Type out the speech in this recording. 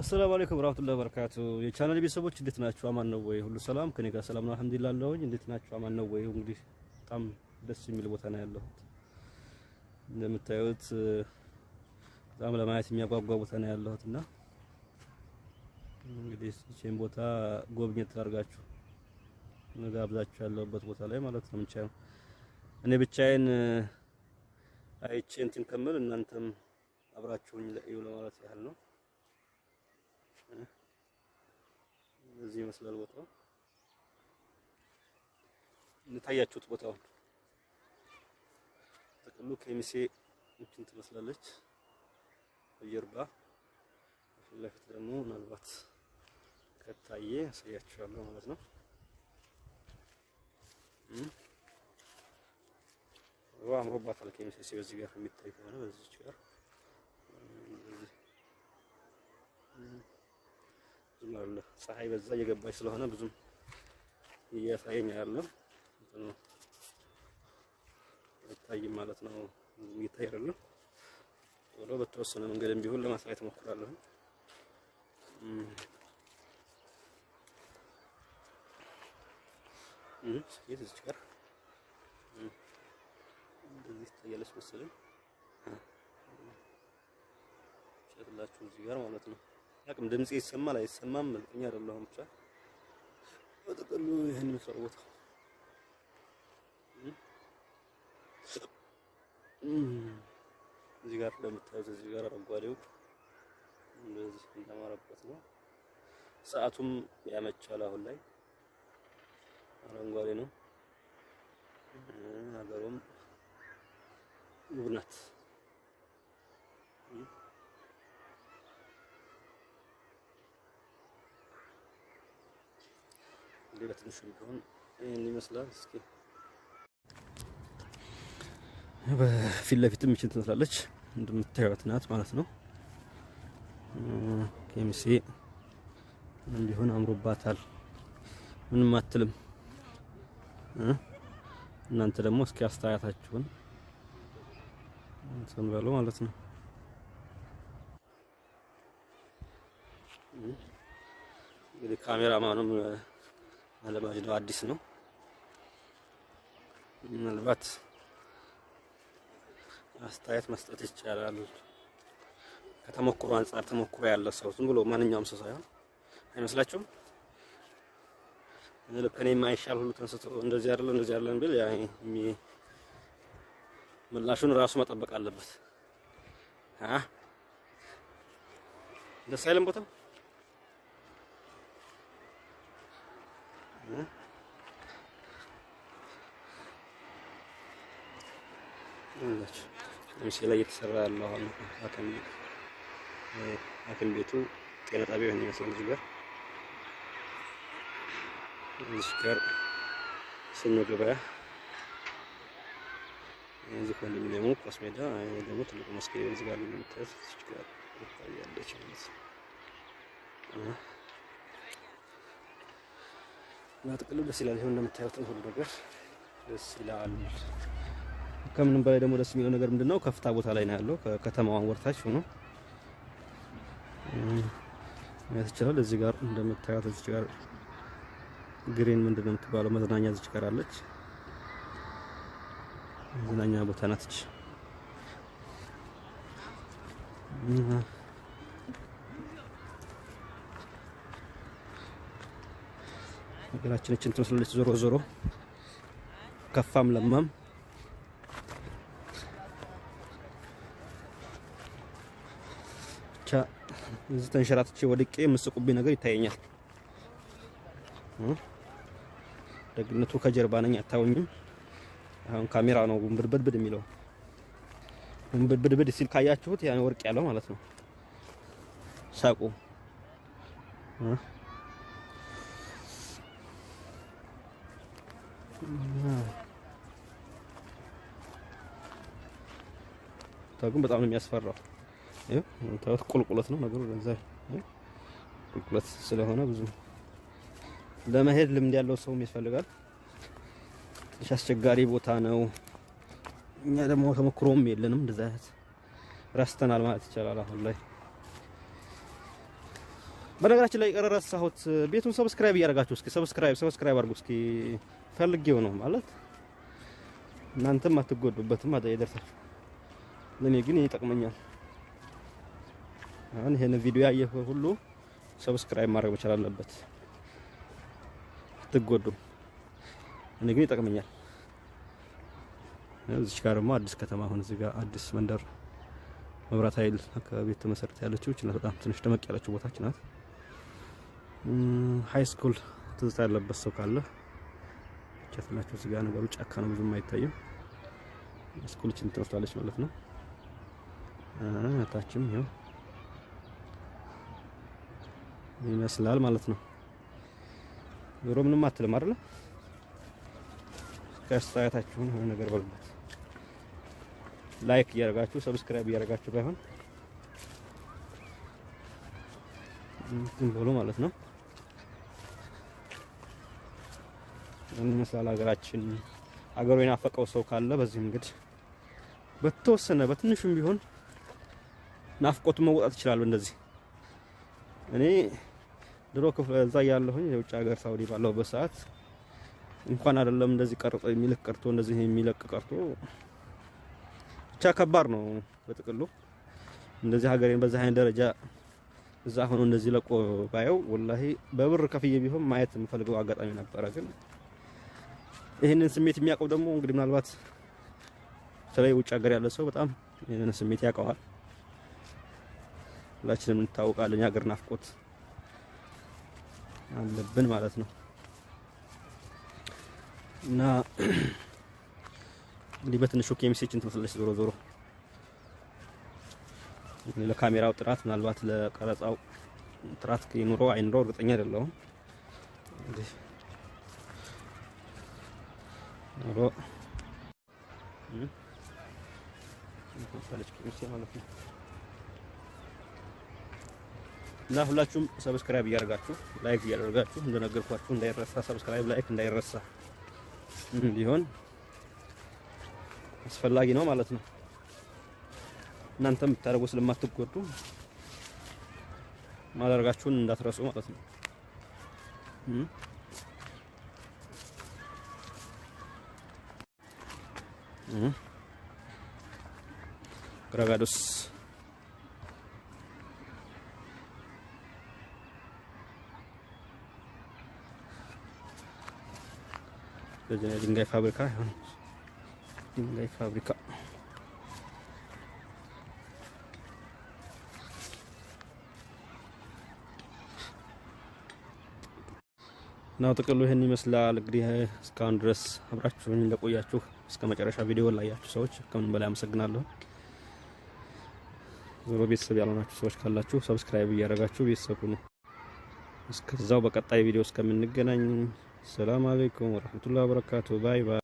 አሰላሙ አለይኩም ወራህመቱላሂ ወበረካቱ። የቻናል ቤተሰቦች እንዴት ናችሁ? አማን ነው ወይ? ሁሉ ሰላም ከኔ ጋር ሰላም ነው፣ አልሐምዱሊላህ አለሁኝ። እንዴት ናችሁ? አማን ነው ወይ? እንግዲህ በጣም ደስ የሚል ቦታ ነው ያለሁት። እንደምታዩት በጣም ለማየት የሚያጓጓ ቦታ ነው ያለሁት እና እንግዲህ ይህን ቦታ ጎብኘት አድርጋችሁ ጋብዛችሁ ያለሁበት ቦታ ላይ ማለት ነው። ብቻ እኔ ብቻዬን አይቼ እንትን ከምል እናንተም አብራችሁኝ ለእዩ ለማለት ያህል ነው። እዚህ ይመስላል ቦታው። እንታያችሁት ቦታውን ጥቅሉ ከሚሴ እንትን ትመስላለች። በጀርባ ፊት ለፊት ደግሞ ምናልባት ከታየ ያሳያችኋለሁ ማለት ነው። ዋ አምሮባታል። ከሚሴ በዚህ ጋር የሚታይ ከሆነ በዚህ ጋር ብዙም አለ ፀሐይ በዛ እየገባች ስለሆነ ብዙም እያሳየኝ አይደለም እንትኑ አይታይም ማለት ነው። ብዙም እየታይ አይደለም። ቶሎ በተወሰነ መንገድም ቢሆን ለማሳየት እሞክራለሁ። ስኬት ጋር እንደዚህ ትታያለች መሰለኝ። ሸጥላችሁ እዚህ ጋር ማለት ነው። አቅም ድምጽ ይሰማል አይሰማም፣ መልክኛ አይደለሁም። ብቻ በጥቅሉ ይህን ምስራቅ ቦታ እዚህ ጋር እንደምታዩት እዚህ ጋር አረንጓዴው እንደዚህ እንደማረበት ነው። ሰዓቱም ያመቻል። አሁን ላይ አረንጓዴ ነው፣ ሀገሩም ውብ ናት። እንግዲህ በትንሹ ቢሆን ይህን ይመስላል። እስኪ በፊት ለፊት ምችን ትመስላለች እንደምታዩት ናት ማለት ነው። ኬሚሴ እንዲሆን አምሮባታል። ምንም አትልም። እናንተ ደግሞ እስኪ አስተያየታችሁን ሰንበሉ ማለት ነው። እንግዲህ ካሜራማኑም አለማጅ ነው፣ አዲስ ነው። ምናልባት አስተያየት መስጠት ይቻላል። ከተሞክሮ አንጻር ተሞክሮ ያለ ሰው ዝም ብሎ ማንኛውም ሰው ሳይሆን አይመስላችሁም? ልክ እኔ የማይሻል ሁሉ ተንስቶ እንደዚህ አይደለም እንደዚህ አይደለም ቢል ምላሹን ራሱ መጠበቅ አለበት። ደስ አይልም ቦታው ምስል ላይ እየተሰራ ያለው አሁን ሐኪም ቤቱ ጤና ጣቢያ የሆነ ይመስላል። እዚህ ጋር እዚህ ጋር ሰኞ ገበያ እዚህ ኮንዶሚኒየሙ ኳስ ሜዳ ደግሞ ትልቁ መስጊድ እዚህ ጋር እንደምታዩት እዚህ ጋር ይታያለች ማለት ነው። እና ደስ ይላል። ይሁን እንደምታዩት ሁሉ ነገር ደስ ይላል። ከምንም በላይ ደግሞ ደስ የሚለው ነገር ምንድነው ከፍታ ቦታ ላይ ነው ያለው። ከከተማዋን ወርታች ሆኖ ማለት ይችላል። እዚህ ጋር እንደምታዩት እዚህ ጋር ግሪን ምንድን ነው የምትባለው መዝናኛ እዚህ ጋር አለች። መዝናኛ ቦታ ናትች። ሀገራችን እችን ትመስላለች። ዞሮ ዞሮ ከፋም ለማም ብቻ እዚህ ተንሸራትቼ ወድቄ የምስቁብኝ ነገር ይታየኛል። ደግነቱ ከጀርባ ነኝ አታውኝም። አሁን ካሜራ ነው ውንብድብድ የሚለው ውንብድብድ ሲል ካያችሁት ያን ወርቅ ያለው ማለት ነው ሳቁ ታጉን በጣም ነው የሚያስፈራው። ታውት ቁልቁለት ነው ነገሩ። ለዛ ቁልቁለት ስለሆነ ብዙ ለመሄድ ልምድ ያለው ሰው ይፈልጋል። ትንሽ አስቸጋሪ ቦታ ነው። እኛ ደግሞ ተሞክሮም የለንም እንደዛ አይነት ረስተናል ማለት ይቻላል አሁን ላይ። በነገራችን ላይ ረሳሁት ቤቱን ሰብስክራይብ እያደረጋችሁ እስኪ ሰብስክራይብ ሰብስክራይብ አድርጉ እስኪ ፈልጌው ነው ማለት እናንተም አትጎዱበትም አዳ ይደርሳል። ለኔ ግን ይጠቅመኛል። አሁን ይሄን ቪዲዮ ያየ ሁሉ ሰብስክራይብ ማድረግ መቻል አለበት። አትጎዱም። እኔ ግን ይጠቅመኛል። እዚች ጋር ደግሞ አዲስ ከተማ አሁን እዚህ ጋር አዲስ መንደር መብራት ኃይል አካባቢ የተመሰረተ ያለችው እቺ በጣም ትንሽ ደመቅ ያለችው ቦታች ናት። ሃይ ስኩል ትዝታ ያለበት ሰው ካለ ኬት ናቸው። እዚህ ነገሩ ጫካ ነው፣ ብዙም አይታይም። ስኩልችን ትመስላለች ማለት ነው። ታችም ይኸው ይመስላል ማለት ነው። ዞሮ ምንም አትልም አይደለ? ከስተያታችሁን የሆነ ነገር በሉበት። ላይክ እያደረጋችሁ ሰብስክራይብ እያደረጋችሁ ባይሆን እንትን ብሎ ማለት ነው። ምን ይመስላል ሀገራችን? አገሩ የናፈቀው ሰው ካለ በዚህ እንግዲህ በተወሰነ በትንሹም ቢሆን ናፍቆቱን መወጣት ይችላል። እንደዚህ እኔ ድሮ ክፍለ እዛ ያለሁኝ የውጭ ሀገር ሳውዲ ባለሁበት ሰዓት እንኳን አይደለም እንደዚህ ቀርጦ የሚለቅ ቀርቶ እንደዚህ የሚለቅ ቀርቶ ብቻ ከባድ ነው። በጥቅሉ እንደዚህ ሀገሬን በዛ አይነት ደረጃ እዛ ሆኖ እንደዚህ ለቆ ባየው ወላሂ በብር ከፍዬ ቢሆን ማየት የምፈልገው አጋጣሚ ነበረ ግን ይህንን ስሜት የሚያውቀው ደግሞ እንግዲህ ምናልባት በተለይ ውጭ ሀገር ያለ ሰው በጣም ይህንን ስሜት ያውቀዋል። ሁላችንም እንታወቃለን። የሀገር ናፍቆት አለብን ማለት ነው እና እንግዲህ በትንሹ ኬሚሴችን ትመስላለች። ዞሮ ዞሮ ለካሜራው ጥራት ምናልባት ለቀረጻው ጥራት ይኑረው አይኑረው እርግጠኛ አይደለሁም። ማለት ነው። እና ሁላችሁም ሰብስክራይብ እያደረጋችሁ ላይክ እያደረጋችሁ እንደነገርኳችሁ እንዳይረሳ፣ ሰብስክራይብ ላይክ እንዳይረሳ ቢሆን አስፈላጊ ነው ማለት ነው። እናንተም ብታደርጉ ስለማትጎዱ ማድረጋችሁን እንዳትረሱ ማለት ነው። Kragados. Jadi ini gay fabrika, tinggal ya. gay fabrika. ናው ጥቅሉ ይህን ይመስላል። እንግዲህ እስካሁን ድረስ አብራችሁኝ ለቆያችሁ እስከ መጨረሻ ቪዲዮ ላያችሁ ሰዎች ከምንም በላይ አመሰግናለሁ። ዞሮ ቤተሰብ ያልሆናችሁ ሰዎች ካላችሁ ሰብስክራይብ እያደረጋችሁ ቤተሰብ ሁኑ። እስከዛው በቀጣይ ቪዲዮ እስከምንገናኝ ሰላም አለይኩም ወራህመቱላሂ ወበረካቱ። ባይ ባይ።